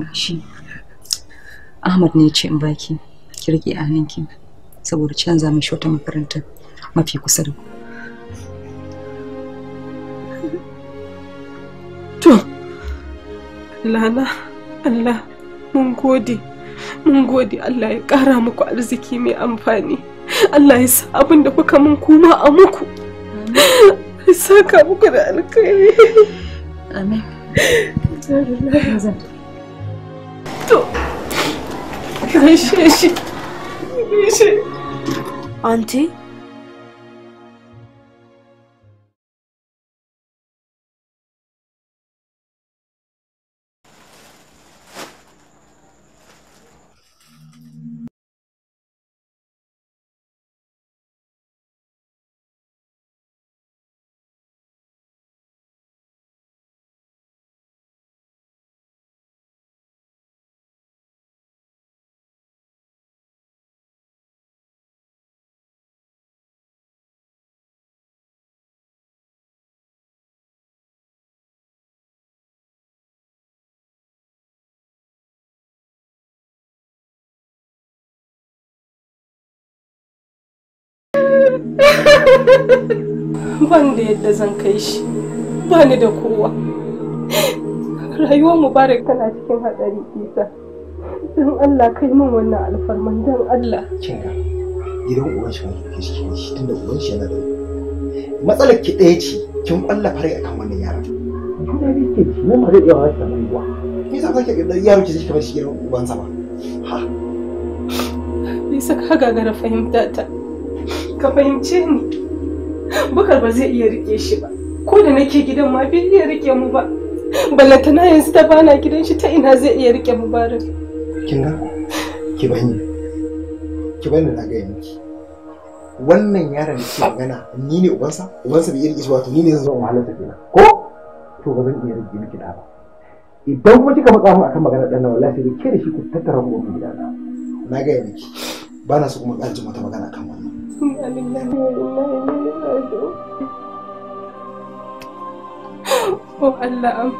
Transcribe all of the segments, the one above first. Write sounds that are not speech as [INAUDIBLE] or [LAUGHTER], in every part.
gashi ahmad ne ce in baki ki rike a saboda canza mai wata makaranta mafi kusa da ku to lala allah mun gode mun gode allah ya kara muku arziki mai amfani allah ya sa abin da kuka mun kuma a muku ya saka muku da alkhairi amin አንቺ wanda da yadda zan kai shi ba ni da kowa rayuwar mubarak tana cikin hatsari isa don allah kai min wannan alfarman don allah kinga gidan uwan shi wani ke cikin shi tunda uwan shi yana da matsalar ki ɗaya ce kin ƙwalla fare akan wannan yaron kuma bi ke shi ma zai iya wata rayuwa me yasa kake da yaro ki kamar shi gidan ubansa ba ha bisa ka gagara fahimta ta ka fahimce ni bukar ba zai iya rike shi ba ko da nake gidan ma bai iya rike mu ba na yanzu ta bana gidan shi ta ina zai iya rike mubarak kin ga ki bani ki bani na gaya miki wannan yaron da ke magana ni ne ubansa ubansa bai iya rike shi ba to ni ne zan zama halarta kenan ko to ba zan iya rike miki da ba idan kuma kika matsa mu akan magana dan nan wallahi sai ke da shi ku tattara mu gidan na gaya miki ba na so kuma ƙarjin mata magana kan Oh Allah am.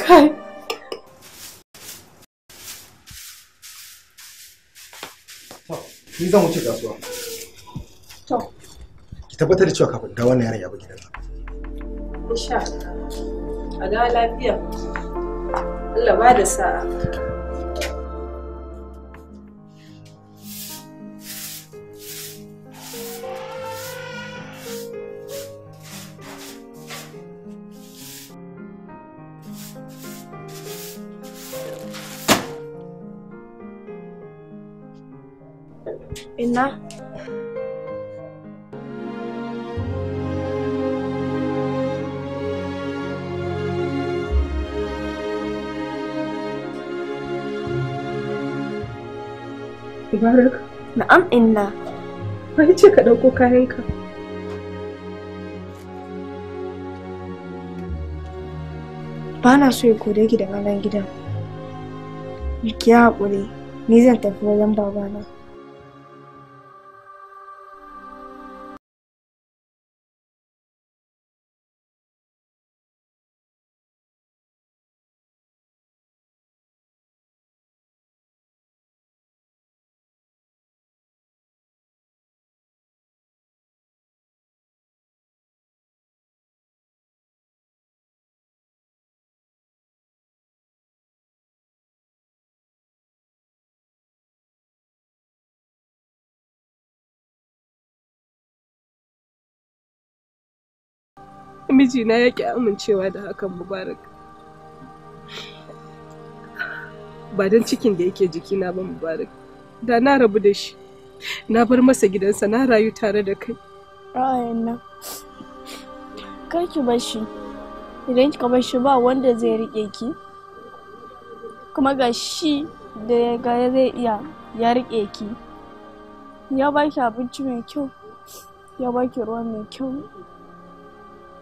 Kai. Ni zan wuce kasuwa. To. Ki tabbatar da cewa kafin da wannan yaron ya bi gidan Insha Allah. A ga lafiya. Allah ba da sa'a. Inna? Na'am inna. Wai ce ka Ba na so ya kore ki daga gidan. haƙuri, ni zan tafi wajen babana. mijina ya ƙi amincewa da hakan mubarak ba don cikin da yake jikina ba mubarak da na rabu da shi na bar masa gidansa na rayu tare da kai ra'ayin nan kar ki bar shi idan ki bar shi ba wanda zai rike ki kuma ga shi da ya ga zai iya ya rike ki ya baki abinci mai kyau ya baki ruwa mai kyau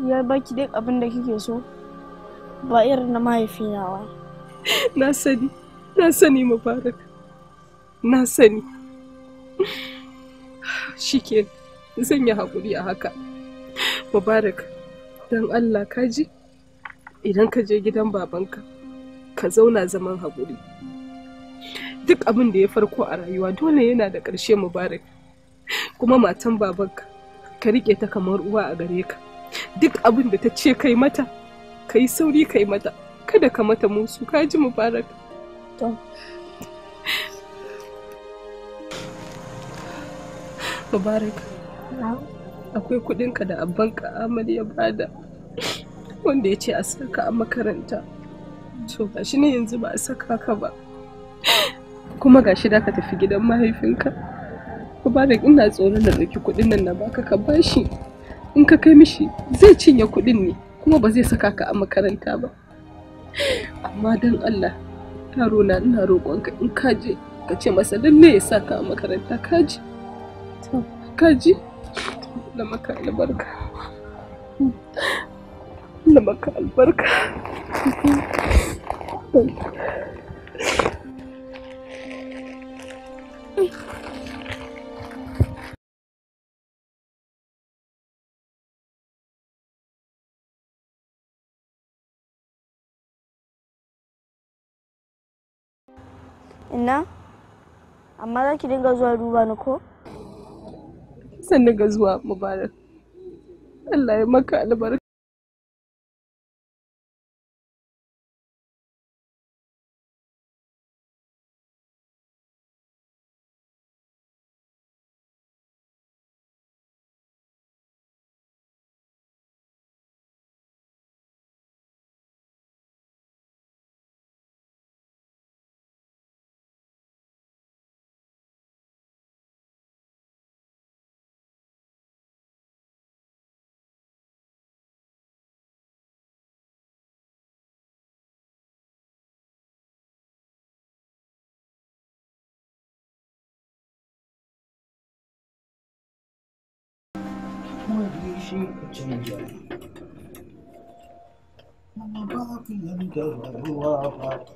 ya baki duk abin da kike so ba irin na mahaifina ba na sani na sani mubarak na sani shike zan yi haƙuri a haka mubarak don allah ka ji idan ka je gidan babanka ka zauna zaman haƙuri duk abin da ya farko a rayuwa dole yana da ƙarshe mubarak kuma matan babanka ka riƙe ta kamar uwa a gare ka duk abin da ta ce kai mata ka yi sauri kai mata kada ka mata musu ka ji mubarak mubarak akwai kudinka da abbanka amal ya bada wanda ya ce a saka a makaranta to shi ne yanzu ba a saka ka ba kuma gashi da ka tafi gidan mahaifinka mubarak ina tsoron da ɗauki kudin nan na baka ka bashi in ka kai mishi zai cinye kuɗin ne kuma ba zai saka ka a makaranta ba amma don allah taro na ina roƙonka in ka je ka ce masa lalle ya saka a makaranta ka ji ka ji da maka albarka albarka nan amma za ki dinga zuwa duba ni ko sannan ga zuwa mubarak Allah ya maka albarka وبيشي تنجح ومبارك لم تذهب وافق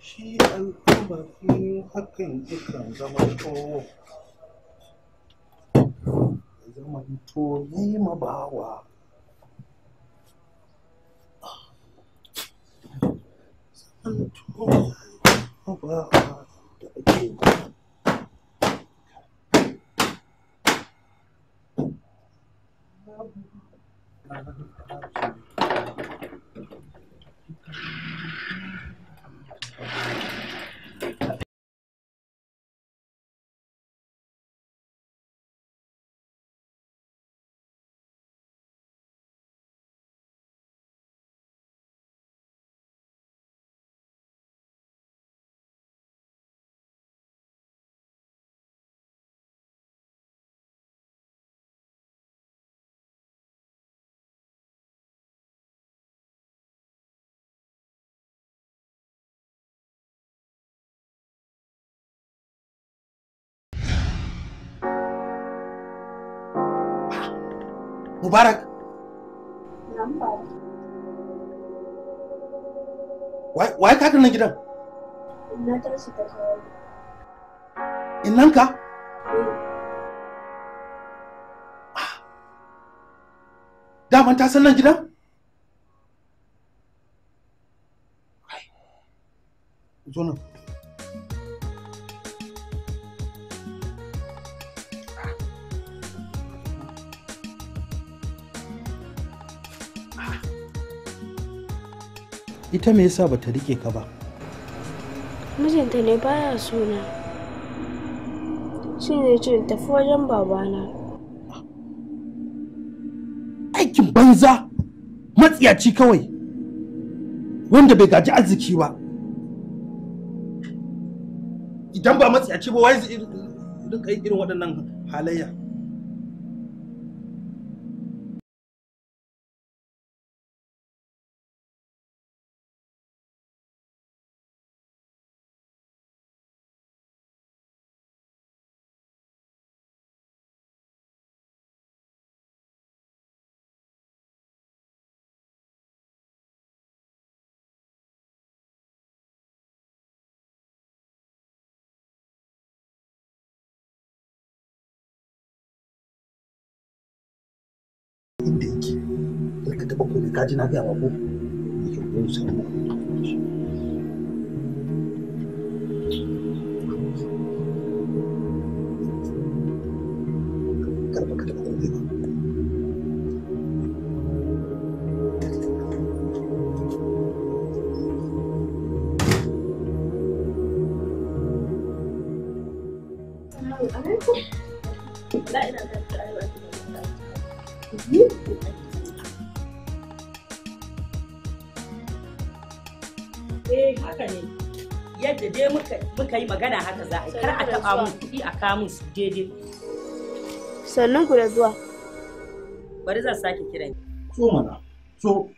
شيء القمر في حق ذكرى زمن طول زمن طول يا مباوع زمن طول مباوع da ake Thank you. Mubarak. Wai ka nan gidan? Na tashi ta ka? Ah. Daman ta san nan gidan? ita me yasa bata rike ka ba mijinta ne baya suna shi ne ce tafi wajen babana aikin banza matsiyaci kawai wanda bai gaji arziki ba idan ba matsiyaci ba wai zai irin waɗannan halayya bakwai ne kaji na gaya ba ko Thank you. eh haka ne yadda dai muka yi magana haka za a kar a taɓa mun kuɗi a kamun su daidai sannan ku da zuwa bari zan sake kiran so mana so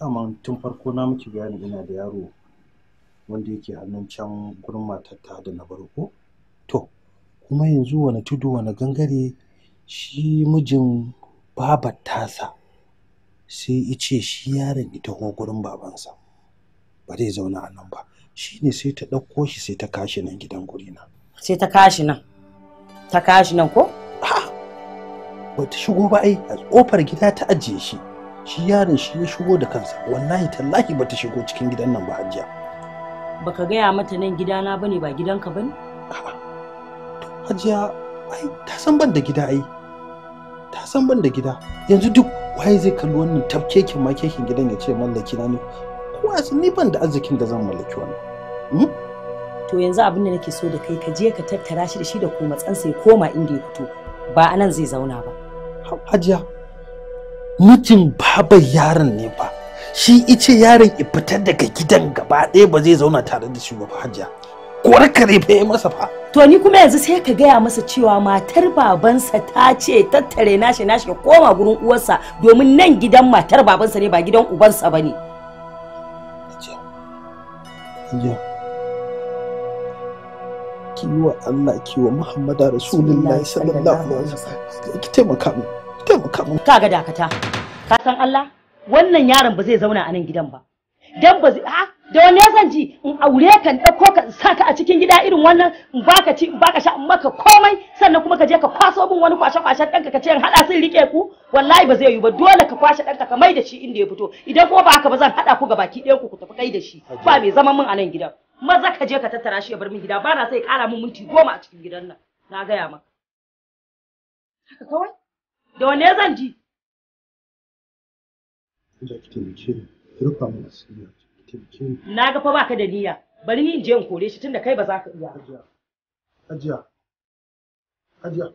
dama tun farko na miki bayani ina da yaro wanda yake hannun can gurin matar da na barko to kuma yanzu wani tudu wani gangare shi mijin babar tasa sai ya ce shi yaron ita kuma gurin babansa ba zai zauna a nan ba shi ne sai ta ɗauko shi sai ta kashi nan gidan gurina sai ta kashi nan ta kashi nan ko ba ta shigo ba ai a kofar gida ta ajiye shi shi yaron shi ya shigo da kansa wallahi tallahi ba ta shigo cikin gidan nan ba ajiya baka gaya mata nan gidana bane ba gidanka bane a'a ajiya ai ta san ban da gida ai ta san ban da gida yanzu duk waye zai kalli wannan tafkekin ma kekin gidan ya ce mallaki na ne kowa san ni ban da arzikin da zan mallaki wannan hmm? to yanzu abin da nake so da kai ka je ka tattara shi da shi da kuma tsansa ya koma inda ya fito ba anan zai zauna ba hajiya mutum baba yaron ne ba shi ice yaron ya fitar daga gidan gaba ɗaya ba zai zauna tare da shi ba hajiya kore kare bai yi masa fa to ni kuma yanzu sai ka gaya masa cewa matar babansa ta ce tattare nashi nashi ya koma gurin uwarsa domin nan gidan matar babansa ne ba gidan ubansa ba ne kiwa Allah kiwa Muhammadu Rasulullahi sallallahu alaihi wasallam ki taimaka mu taimaka mu ga dakata ka san Allah wannan yaron ba zai zauna a nan gidan ba dan ba a da wanne zan ji in aure ka in ɗauko ka sa ka a cikin gida irin wannan in baka ci in baka sha in maka komai sannan kuma ka je ka kwaso min wani kwashe kwashen ɗanka ka ce in haɗa sun riƙe ku wallahi ba zai yi ba dole ka kwashe ɗanka ka mai da shi inda ya fito idan kuma ba haka ba zan haɗa ku baki ɗayan ku ku tafi kai da shi ba mai zaman min a nan gidan maza ka je ka tattara shi ya bar min gida ba na sai ƙara min minti goma a cikin gidan nan na gaya maka haka kawai da wanne zan ji. taimake ni, rufa asiri. Na ga fa baka da niyya. Bari ni in je in kore shi tunda kai ba za ka iya. Hajiya. Hajiya.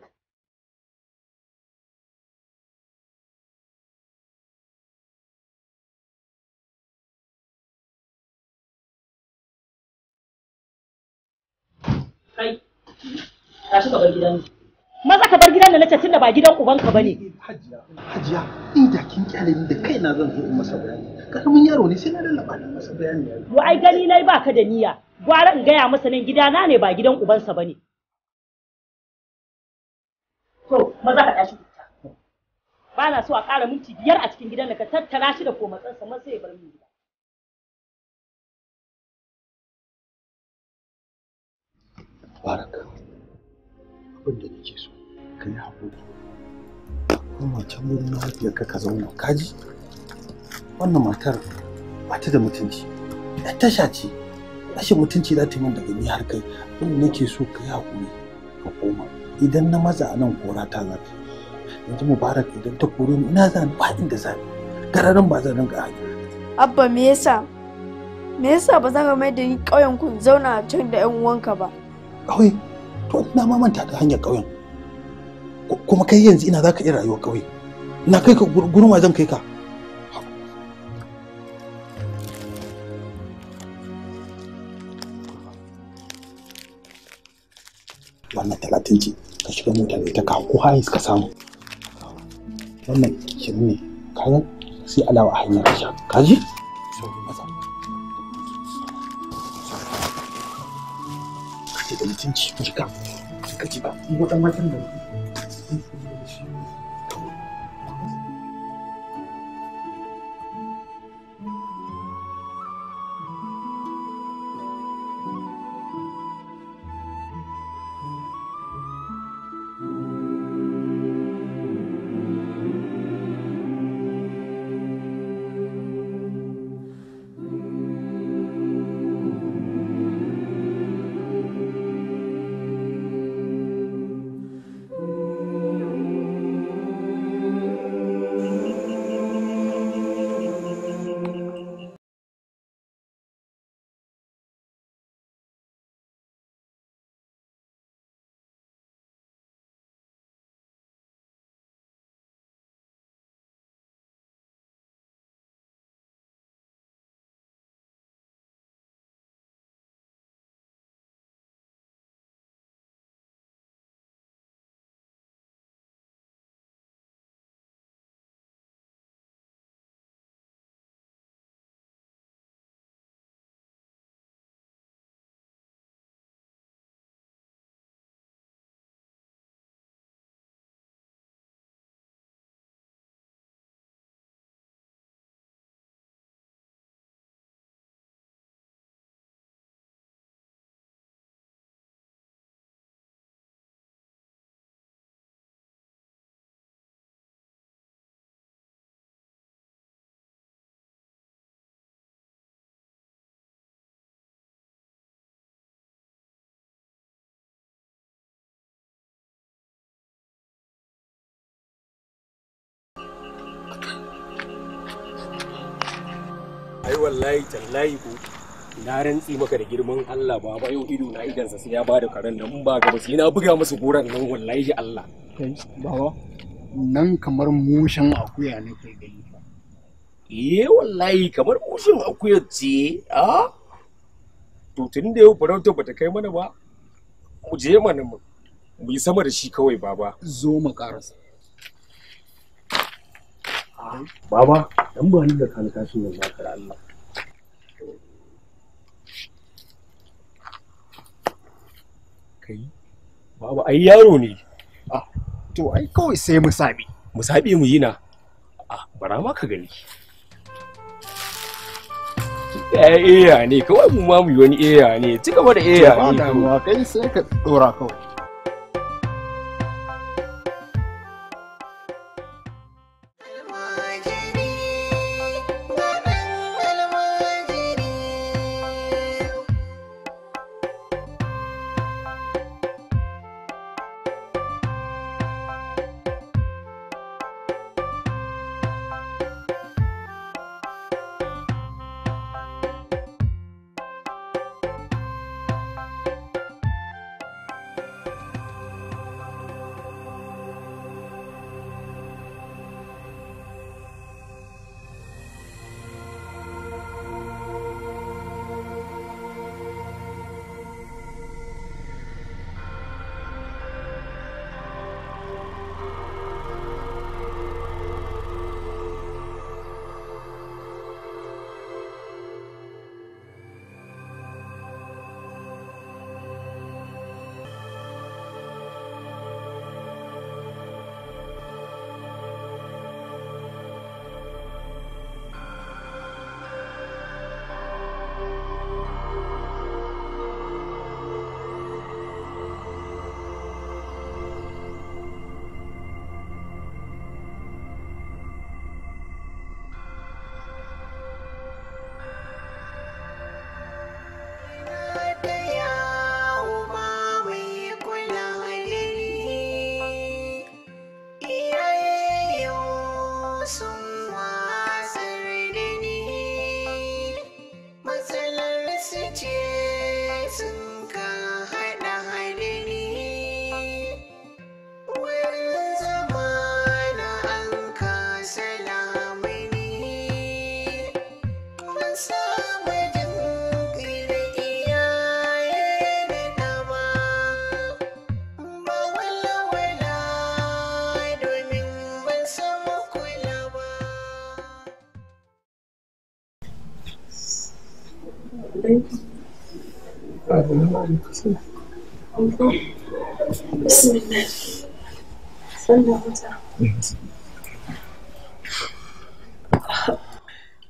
Kai, tashi ka bar gidan maza ka bar gidan da nace tunda ba gidan ubanka bane hajiya hajiya inda kin kyale ni da kaina zan zo masa bayani karamin yaro ne sai na lallaba da masa bayani wa ai gani nayi baka da niyya gwara in gaya masa nan gidana ne ba gidan ubansa bane to maza ka tashi ba na so a ƙara minti biyar a cikin gidan da ka tattara shi da komatsansa man sai ya bar min gida baraka abin da nake so ka yi haƙuri kuma can wurin mahaifiyarka ka zauna kaji wannan matar ba ta da mutunci ɗan tasha ce rashin mutunci za ta yi min daga ni har kai abin da nake so ka yi haƙuri ka koma idan na maza a nan kora ta za ta yanzu mubarak idan ta kore ni ina zan ba inda za ni gararin ba zan rinka hanya abba me yasa me yasa ba za ka mai da ni ƙauyen ku zauna can da 'yan uwanka ba ƙauye to na ma manta ta hanyar ƙauyen kuma kai yanzu ina za ka iya rayuwar ƙauye na kai ka gurma zan kai ka wannan talatin ce ka shiga mota da ita ka ko ka samu wannan shirin ne kayan sai alawa hanyar ka ji? mutunci ka da ai wallahi tallahi ko na rantsi maka da girman Allah ba ba yau ido na idansa sai ya bada karen nan ba gaba sai na buga musu goran nan wallahi Allah kai baba nan kamar mushin akuya ne kai gani eh wallahi kamar mushin akuya ce a to tun da yau farauta bata kai mana ba Ku je mana mu yi sama da shi kawai baba zo mu karasa Baba, dan ba ni da kani kashin yanzu ka Allah. Kai, baba ai yaro ne. Ah, to ai kawai sai mu sabi. Mu sabi mu yi na. ah bara ma ka gani. Eya ne, kawai mu ma mu yi wani eya ne, ci gaba da eya ne. Ba damuwa kai sai ka dora kawai.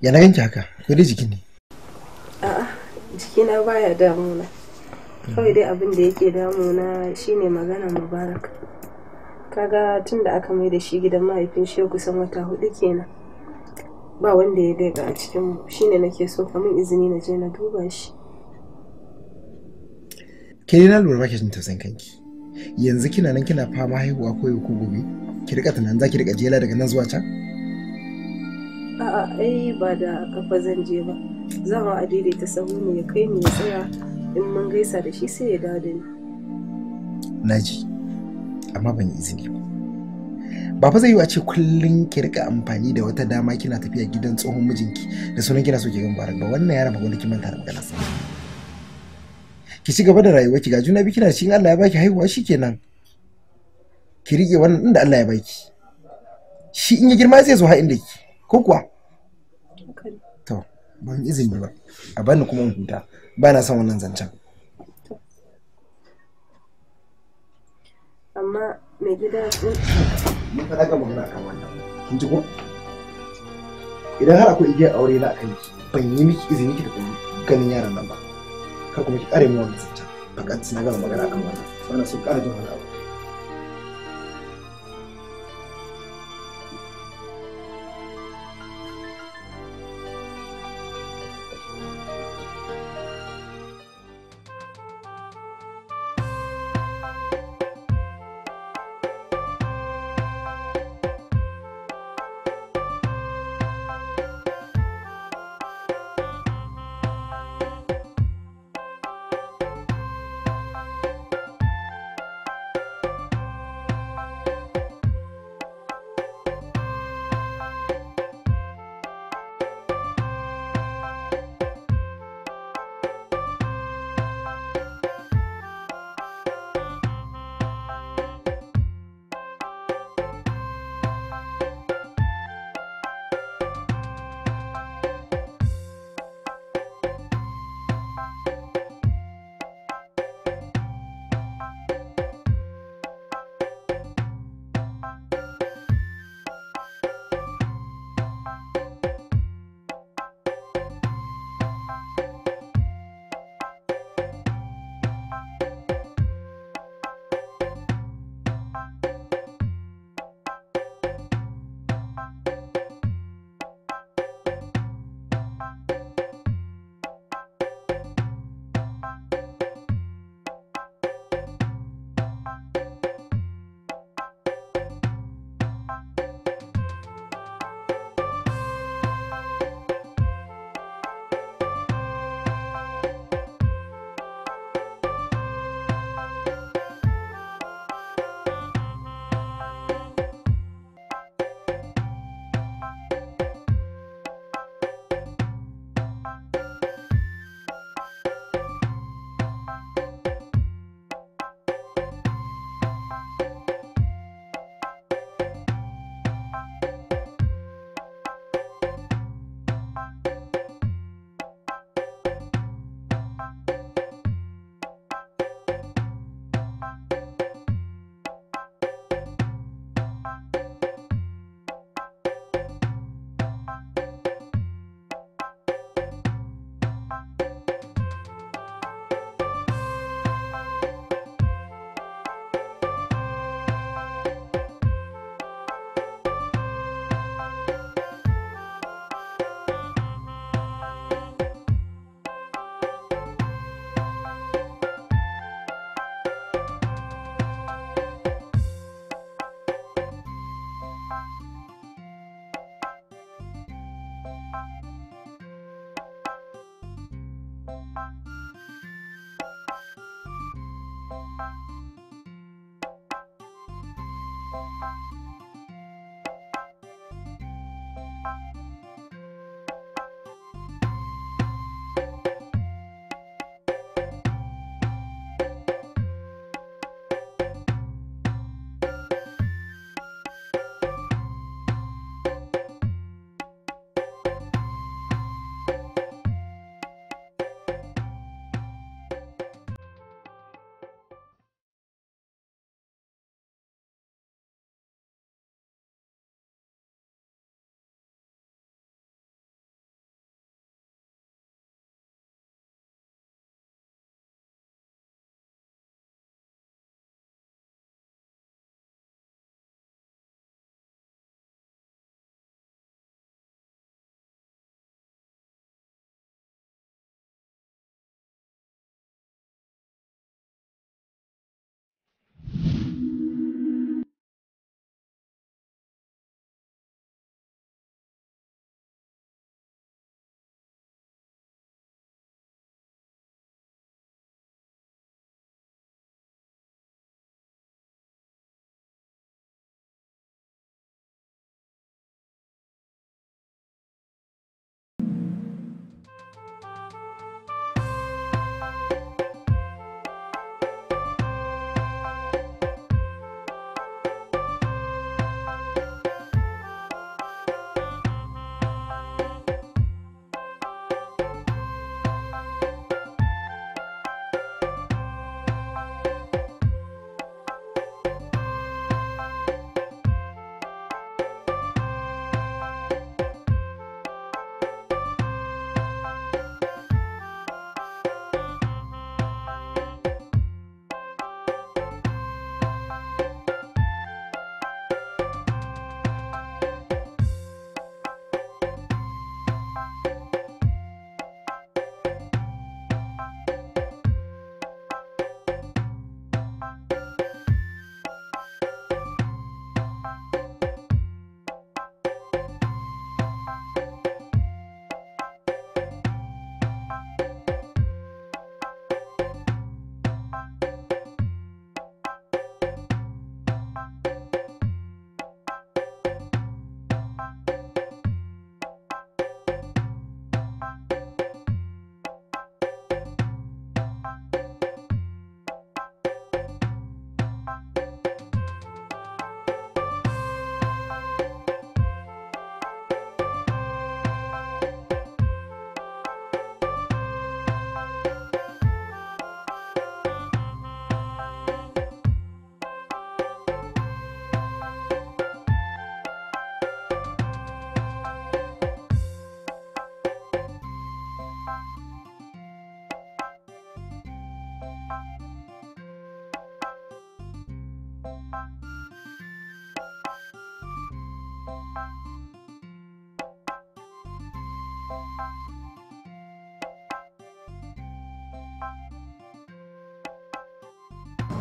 Ya na haka, ko dai jikin ne? A'a, jikina baya damuna. Kawai dai abin da yake damuna shine magana Mubarak. Kaga tun da aka mai da shi gidan mahaifin shi kusan wata hudu kenan. ba wanda ya daga a cikin mu shine nake so kamar izini na je na duba shi ke na lura ba ki tausayin kanki yanzu kina nan kina fama haihuwa ko yau ko gobe ki rika tunanin za ki rika jela daga nan zuwa can a'a ai ba da kafa zan je ba zan a daidaita sahu ne ya kai ni ya tsaya in mun gaisa da shi sai ya dawo da ni naji amma ban yi izini ba ba fa zai yi a ce kullum ki rika amfani da wata dama kina tafiya gidan tsohon mijinki da sunan kina so ki gan barak ba wannan yaran ba wanda ki manta da maganar ki ci gaba da rayuwa ki ga juna bi shi, cikin Allah ya baki haihuwa shikenan ki rike wannan da Allah ya baki shi in ya girma zai zo ha inda ki ko kuwa to ban izini ba a bani kuma in huta ba na son wannan zancen amma mai gida mun faɗa ga magana kan wannan kin ji ko idan har akwai igiyar aure na akan ban yi miki izini ki tafi ganin yaran nan ba kar kuma ki ƙare min wannan zancen fakat na gama magana kan wannan wannan sun ƙara jin wani abu Música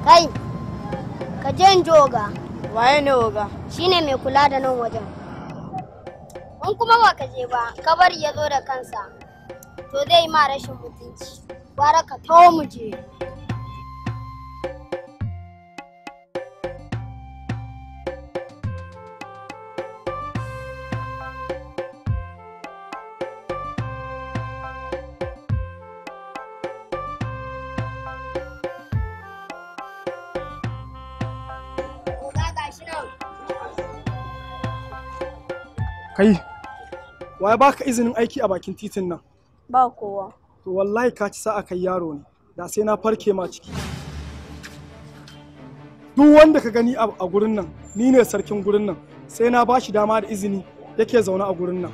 Kai, ka je Waye ne oga? shine mai kula da nan wajen. In kuma ba ka je ba, kabari ya zo da kansa, to zai ma rashin mutunci. Gwara ka tawo mu je. Kai, waye baka izinin aiki a bakin titin nan? Ba kowa. To wallahi ka ci sa'a kai yaro ne, da sai na farke ma ciki. Duk wanda ka gani a gurin nan, ni ne sarkin gurin nan, sai na ba shi dama da izini yake zaune a gurin nan.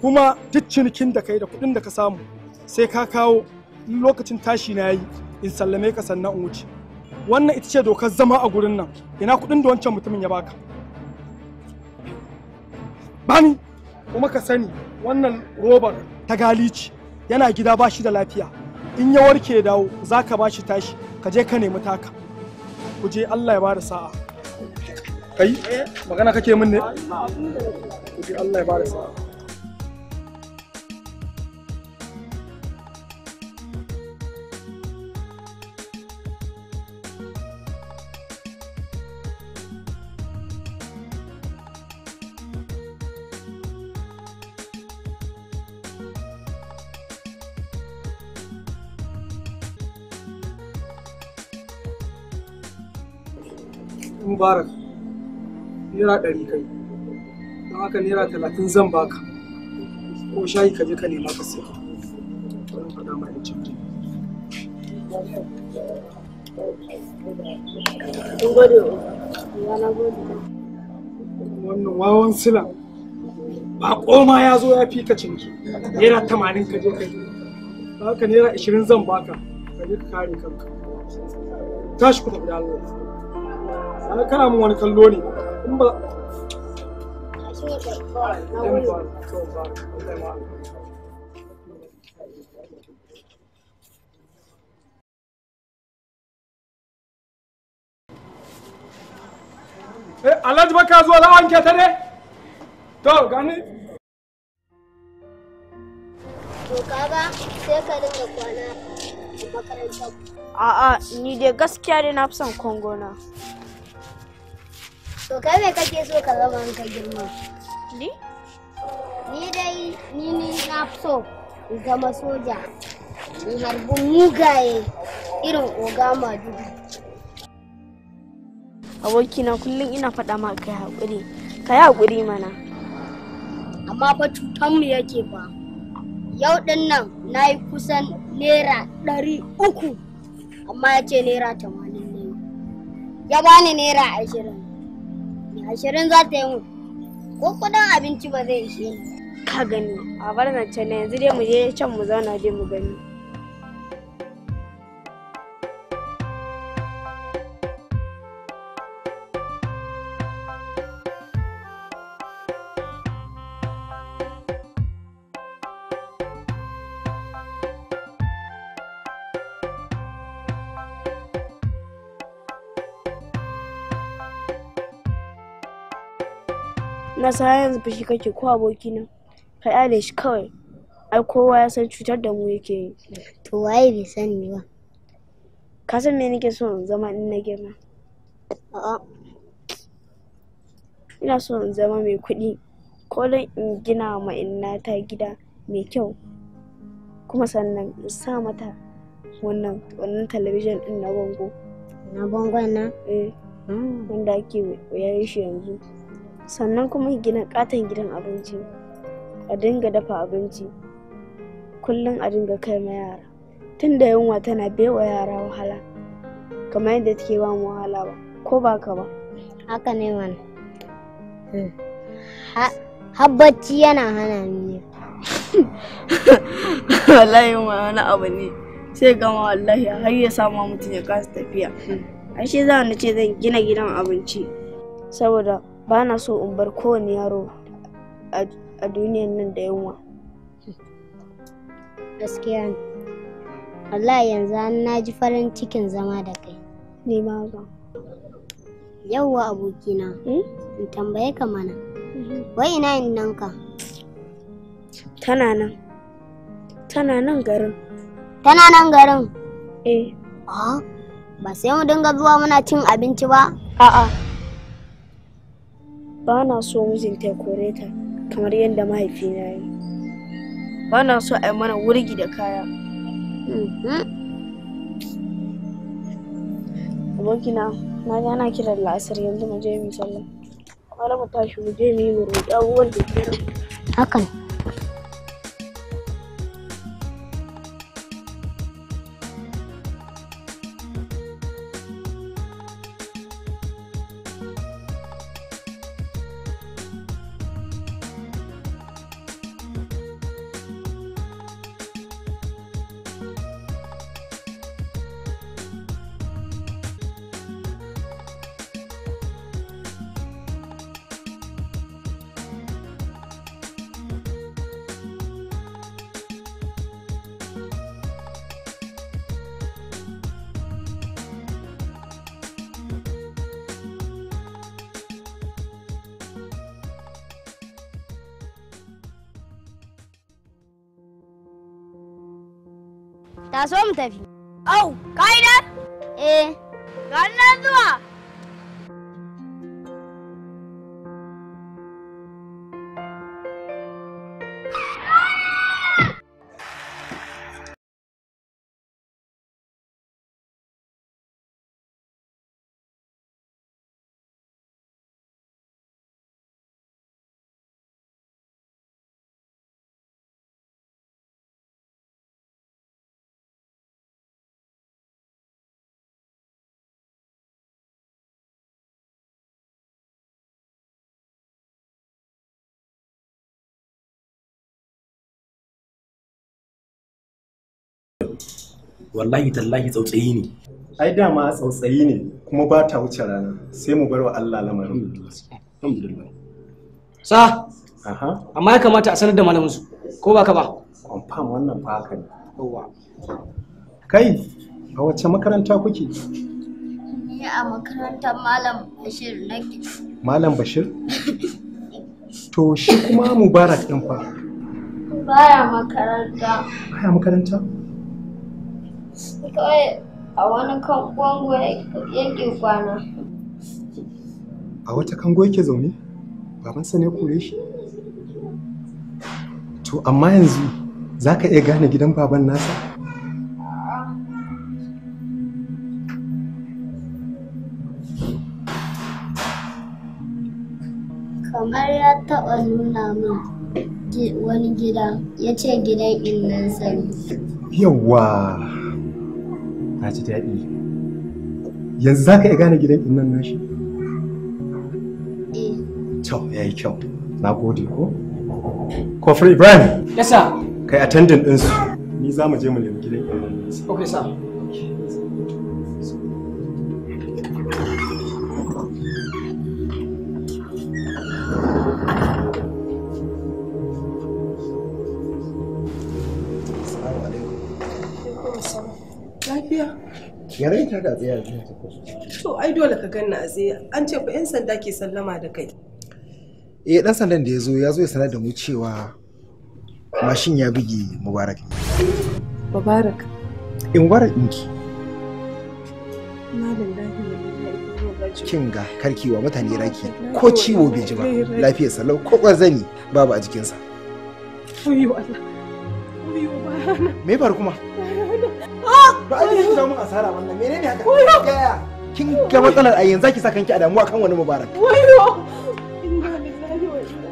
Kuma duk cinikin da kai da kuɗin da ka samu, sai ka kawo lokacin tashi na yi in sallame ka sannan in wuce. Wannan ita ce dokar zama a gurin nan, ina kuɗin da wancan mutumin ya baka. bani kuma ka sani wannan robar ta galici yana gida ba shi da lafiya in ya warke ya dawo za ka ba shi tashi ka je ka nemi taka ku je allah ya bada sa'a kai magana kake min ne ku je allah ya bada sa'a mubarak naira ɗari kai don haka naira talatin zan baka ko shayi ka je ka nema ka siya wannan wawan sila ba koma ya zo ya fi ka cinki naira tamanin ka je kai haka naira ashirin zan baka ka je ka kare kanka tashi ku tafi da Allah ana kana mun wani kallo ne in ba Eh, Alhaji baka zuwa na wanke ta ne? To, gani? To, kaga sai ka dinga kwana a makarantar. A'a, ni dai gaskiya dai na fi son Kongo na. To kai me kake so ka zama in ka girma? Ni? Ni dai ni ni na so in zama soja. In harbi mugaye irin oga Aboki Abokina kullum ina faɗa ma kai haƙuri. Kai yi haƙuri mana. Amma fa cutanmu yake ba. Yau ɗin nan na yi kusan naira ɗari uku. amma ya ce naira tamanin ne ya bani naira ashirin ashirin za ta yi mu ko kudin abinci ba zai ishe ka gani a bar na can yanzu dai mu je can mu zauna je mu gani na sa yanzu fushi kake ko aboki na ka yale shi kawai ai kowa ya san cutar da mu yake yi to waye bai sani ba ka san me nake so in zama in na girma ina so in zama mai kuɗi ko don in gina ma inna ta gida mai kyau kuma sannan in sa mata wannan wannan talabijin din na bango na bangon na eh ah. wanda ake wayar shi yanzu sannan kuma gina katon gidan abinci a dinga dafa abinci kullum a dinga kai ma yara tun da yunwa tana baiwa yara wahala kamar yadda take ba mu wahala ba ko ba ka ba haka ne man hmm. habbaci yana hana ni [LAUGHS] wallahi ma wani abu ne sai gama wallahi har ya samu mutum ya kasa tafiya hmm. ashe za a ce zan gina gidan abinci saboda ba na so in bar kowane yaro a duniyan nan da yunwa gaskiya ne wallahi yanzu na ji farin cikin zama da kai ne ma ba yauwa abokina hmm? in tambaye ka mana mhm. wai ina in nan ka tana nan tana nan garin tana nan garin eh ah, ba sai mu dinga zuwa muna cin abinci ba a'a ba na so mijinta ya kore ta kamar yadda mahaifina ya yi ba na so a yi mana wurgi da kaya mm-hmm. abokina na ga ana kiran la'asar yanzu mu je mu sallah wala mu tashi mu je mu yi mu roƙi abubuwan da ke hakan wallahi tallahi tsautsayi ne ai dama tsautsayi ne kuma ba ta wuce rana sai mu bar wa Allah lamarin sa amma ya kamata a sanar da malamin su ko ba ka ba confirm wannan ba ka ne yawa kai a wace makaranta kuke ni a makarantar malam Bashir nake malam Bashir to shi kuma Mubarak din fa baya makaranta baya makaranta kawai a wani kango yake kwana a wata kango yake zaune babansa ne kore shi to amma yanzu za ka iya gane gidan baban nasa kamar ya taɓa nuna min wani gida ya ce gidan innansa ne yawwa na ji daɗi yanzu za ka iya gane gidan ɗin nan nashi kyau eh. ya yi kyau na gode ko kofar ibrahim yes sir kai attendant ɗinsu ni za mu je mu nemi gidan ɗin nan nasa okay sir Assalamu Lafiya. Yare ta da tsaye a jiya ta kusa. To ai dole ka ganna a tsaye. An ce ku 'yan sanda ke sallama da kai. Eh dan sandan da ya zo ya zo ya sanar da mu cewa mashin ya buge Mubarak. Mubarak. Eh Mubarak ɗinki. Na lillahi kin ga karkiwa mutane raki ko ciwo bai ji ba lafiyar salau ko kwazani babu a jikinsa. Me faru kuma? ba ai kin samu asara wannan mene menene haka gaya kin ga matsalar a yanzu ki sa kanki a damuwa kan wani mubarak wayo inna lillahi wa inna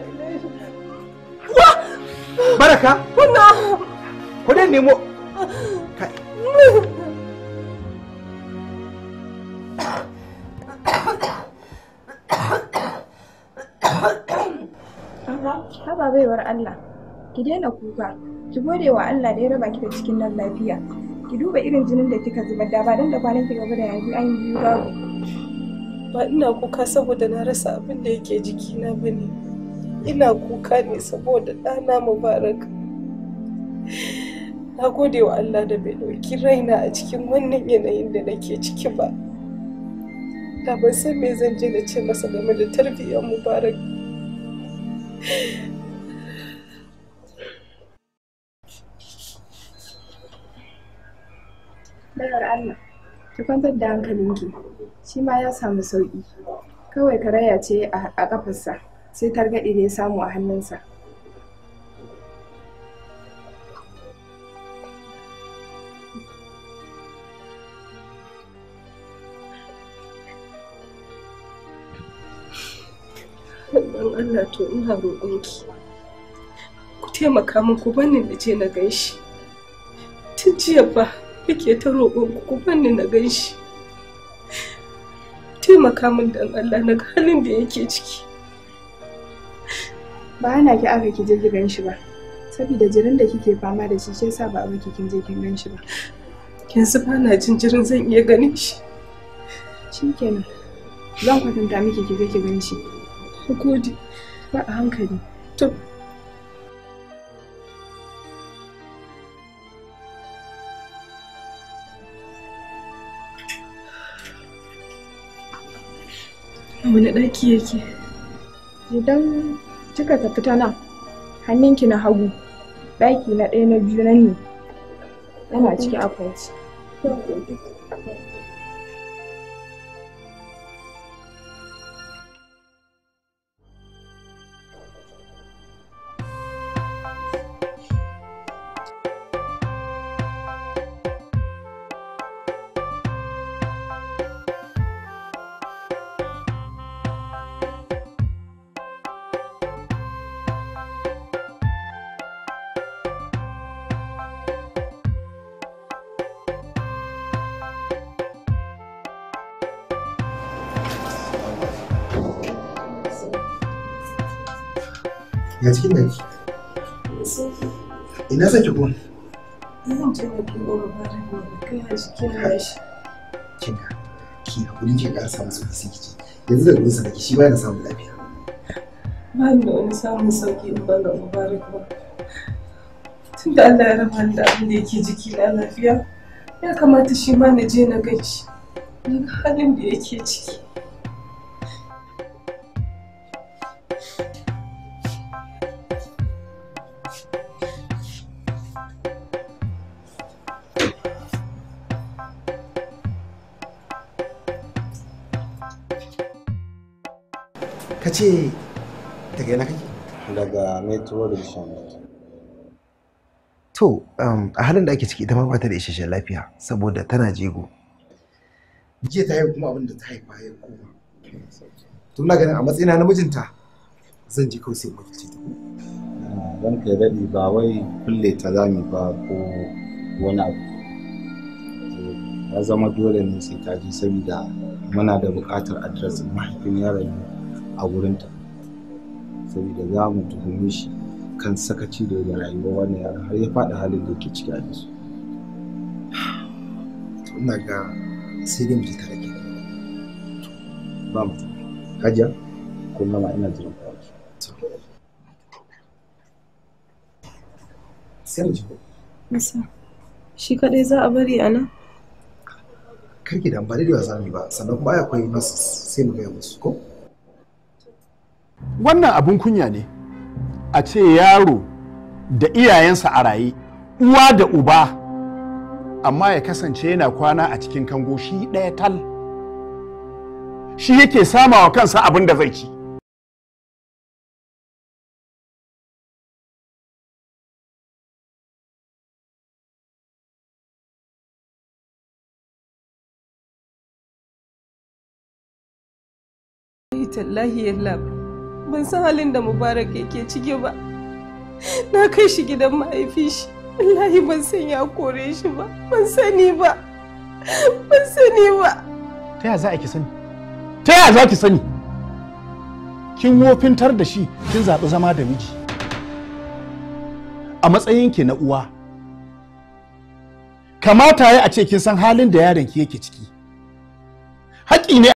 baraka kunna ko dai nemo kai Haba baiwar Allah, ki daina kuka, ki gode wa Allah da ya raba ki da cikin nan lafiya. ki duba irin jinin da kika zubar da ba dan da kwanan gaba da yanzu an biyu babu ba ina kuka saboda na rasa abin da yake jikina bane ina kuka ne saboda ɗana mubarak na gode wa Allah da bai ɗauki raina a cikin wannan yanayin da nake ciki ba da ban san me zan je na ce masa game da tarbiyyar mubarak bayar Allah ki kwantar da hankalinki shi ma ya samu sauki kawai karaya ce a kafarsa sai targaɗe da ya samu a hannunsa don Allah to ina roƙonki ku taimaka min ku bani da je na gan shi tun ba nake ta roƙon ku ku bani na gan shi taimaka min dan Allah na halin da yake ciki ba ana ki aka ki je ki gan shi ba saboda jirin da kike fama da shi shi sa ba a ki kin je kin gan shi ba yanzu ba na jin jirin zan iya ganin shi shikenan zan kwatanta miki ki je ki gan shi gode ba a hankali to wani ɗaki yake idan kika tafi ta nan hannunki na hagu ɗaki na ɗaya na biyu nan ne yana ciki akwai Ina sake kuma? Zan je na duba babana gobe kai na jikin rashi. Kinga, ki hakuri ki ƙara Yanzu da shi baya samun lafiya. Ba ni da wani samun sauƙi in ban da Mubarak ba. da Allah ya raba ni da abin da yake jiki na lafiya, ya kamata shi ma na je na gaishe. Na halin da yake ciki. ce daga yana kake daga metro division to um, a halin da ake ciki ita ma ba ta da isasshen lafiya saboda tana jego jiya ta haihu kuma abin da ta haifa ya koma tun na ganin a matsayina na mijinta zan je kawai sai mu wakilci ta don ka daɗi ba wai kulle ta zami ba ko wani abu ya zama dole ne sai ta ji saboda muna da buƙatar adres mahaifin yaron yau a wurinta saboda za mu tuhume shi kan sakaci da da rayuwa wannan yaran har ya faɗi halin da yake ciki a yanzu ina ga sai dai mu ji tare ke ba mu hajiya ko mama ina jiran kawai sai mu ji ko Nasa, shi kaɗai za a bari a nan? Kar ki da amfani da wasa ba, sannan kuma akwai masu sai mu gaya musu ko? wannan abin kunya ne a ce yaro da iyayensa a raye uwa da uba amma ya kasance yana kwana a cikin kango shi ɗaya tal shi yake sama wa kansa abin da zai ci lahiyar ban san halin da mubarak yake ciki ba na kai shi gidan mahaifi shi wallahi ban san ya kore shi ba ban sani ba ban sani ba ta yaya za a ki sani ta yaya za ki sani kin wofintar da shi kin zaɓi zama da miji a matsayin ki na uwa kamata ya a ce kin san halin da yaron ki yake ciki haƙi ne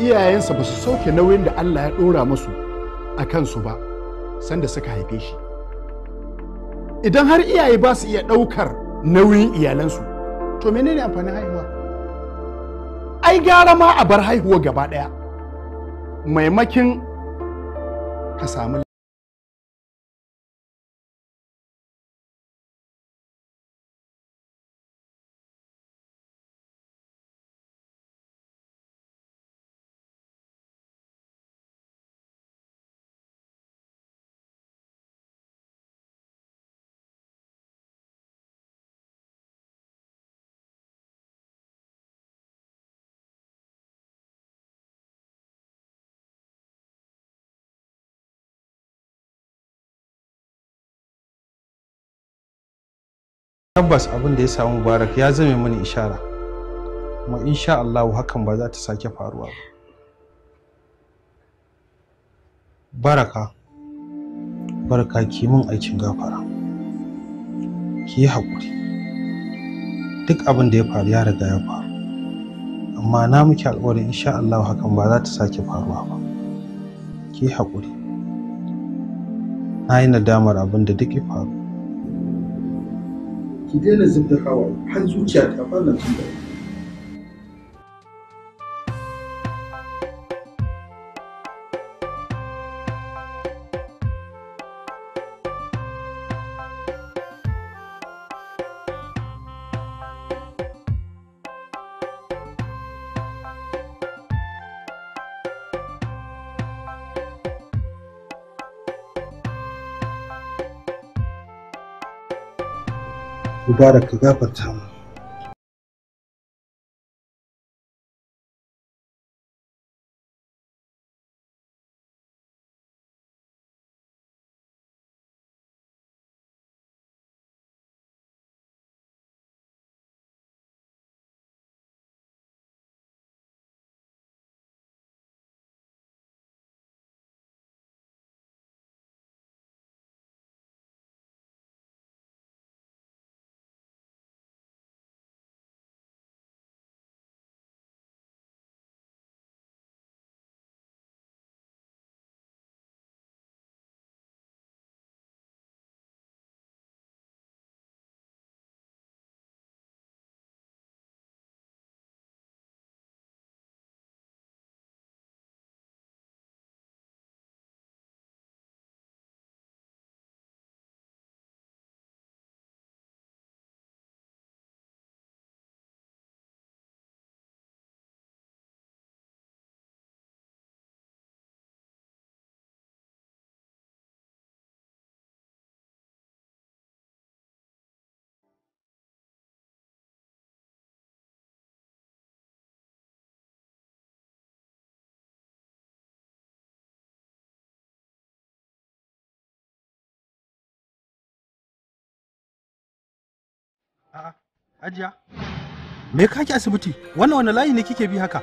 iyayensa ba su sauke nauyin da Allah ya ɗora musu a kansu ba sanda suka haife shi idan har iyaye ba su iya ɗaukar nauyin iyalansu to menene amfanin haihuwa ai gara ma a bar haihuwa gaba ɗaya maimakin ka samu tabbas abin da ya samu mubarak ya zame mini ishara kuma insha Allah hakan ba za ta sake faruwa ba baraka baraka ki min aikin gafara ki yi haƙuri duk abin da ya faru ya riga ya faru amma na miki alƙawarin insha Allah hakan ba za ta sake faruwa ba ki yi haƙuri na yi nadamar abin da duk ya faru ki daina zubda hawaye har zuciya ta fara jin daɗi mubarak ka gafarta mu A'a, ajiya. Me ka ki asibiti? Wannan wani layi ne kike bi haka?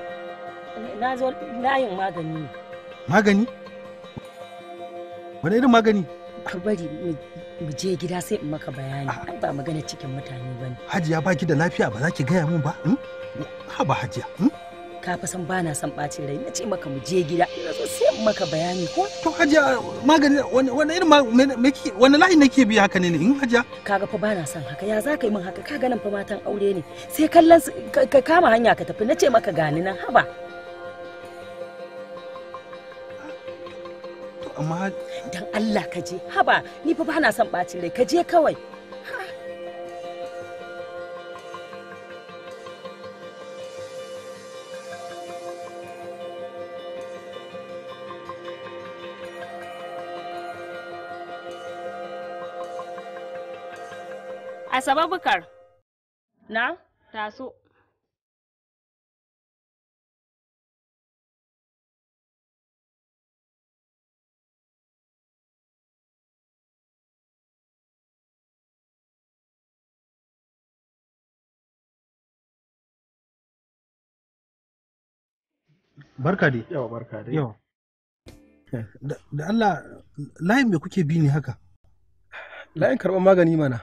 Na zo layin magani ne. Magani? Wani irin magani? A bari mu je gida sai in maka bayani. Ai ba magana cikin mutane bane. Hajiya ba ki da lafiya ba za ki gaya min ba? Hmm? Ha ba hajiya. Hmm? ka fa san bana san bacin rai na ce maka mu je gida sai in maka bayani ko to hajiya magani wani irin wani layi nake biya haka ne in hajiya kaga fa bana son haka ya za ka yi min haka kaga nan fa matan aure ne sai kallon ka kama hanya ka tafi na ce maka gani nan haba amma dan Allah ka je haba ni fa bana son bacin rai ka je kawai Asabe Bukar. Na? Taso. Barka dai. Yawa barka dai. Yawa. Eh, da Allah layin me kuke bi ne haka? Layin karɓar magani mana.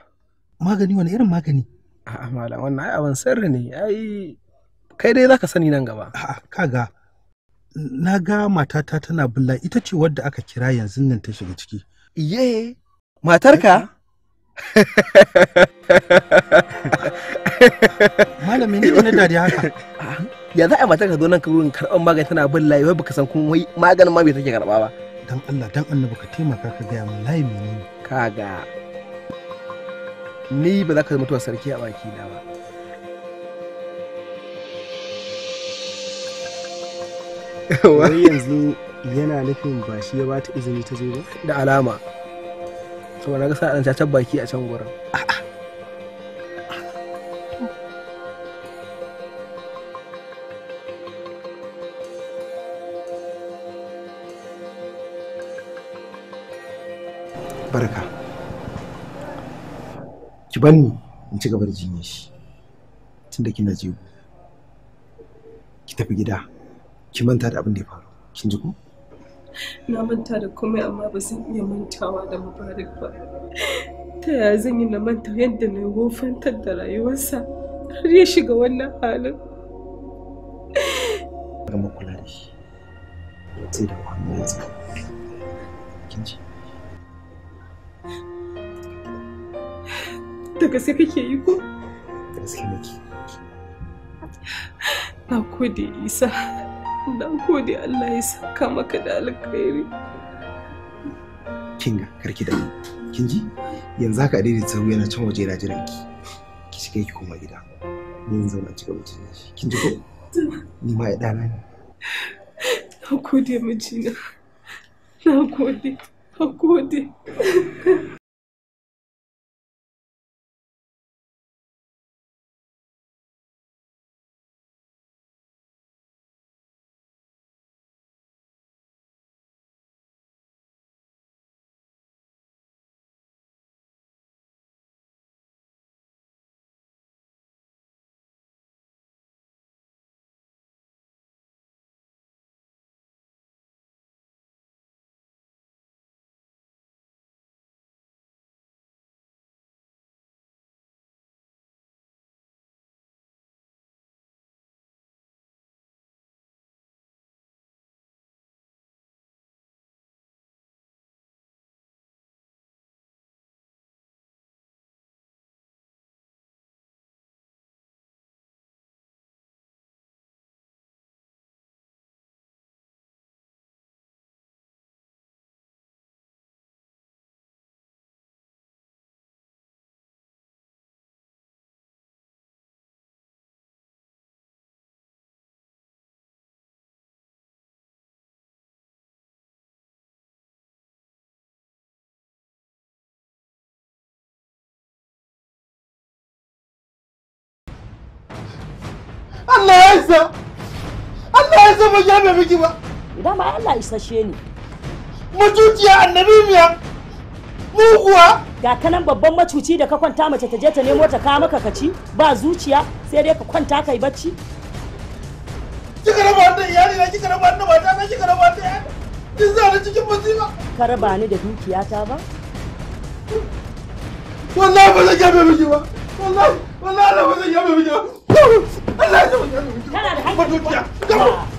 magani wani irin magani a'a malam wannan ai abin sirri ne ai kai dai zaka sani nan gaba a'a kaga na ga matata tana bulla ita ce wadda aka kira yanzu nan ta shiga ciki iye matarka malam ne na dai haka ya za a matar ka zo nan ka wurin karɓar magani tana bulla layi wai baka san kuma wai maganin ma bai take karɓa ba dan Allah dan annabi ka taimaka ka gaya mun layi menene kaga ni ba za ka mutuwa sarki a baki na ba wai yanzu yana nufin ba shi ya ba ta izini ta zo ba da alama saboda na ga sa'an cacan baki a can gurin barka ki banni in ci gaba da jinyar shi tunda kina jego ki tafi gida ki manta da abin da ya faru kin ji ko na manta da komai amma ba zan iya mantawa da mubarak ba ta yaya zan yi na manta yadda na wofantar da rayuwarsa har ya shiga wannan halin gama kula da shi sai da wahala yanzu kin ji daga sai kake yi ko gaske nake na gode isa na gode allah ya saka maka da alkhairi kinga karki da ni kin ji yanzu haka daidaita sahu yana can waje yana jiran ki ki shiga ki koma gida ni yanzu zauna cikin mutum shi kin ji ko ni ma ya dana ne na gode mijina na gode na gode Allah ya isa Allah ya isa ba ya miki ba idan ba Allah isashe ni mutuciya annabi miya mu kuwa ga kanan babban macuci da ka kwanta mace ta je ta nemo ta kawo maka kaci ba zuciya sai dai ka kwanta kai bacci kika raba da iyali na kika raba da mata na kika raba da iyali kin za ni cikin musiba ka raba ni da dukiyata ba wallahi ba zan yabe miki ba wallahi wallahi ba zan yabe miki ba Allah ya ji yi Kana da hankali.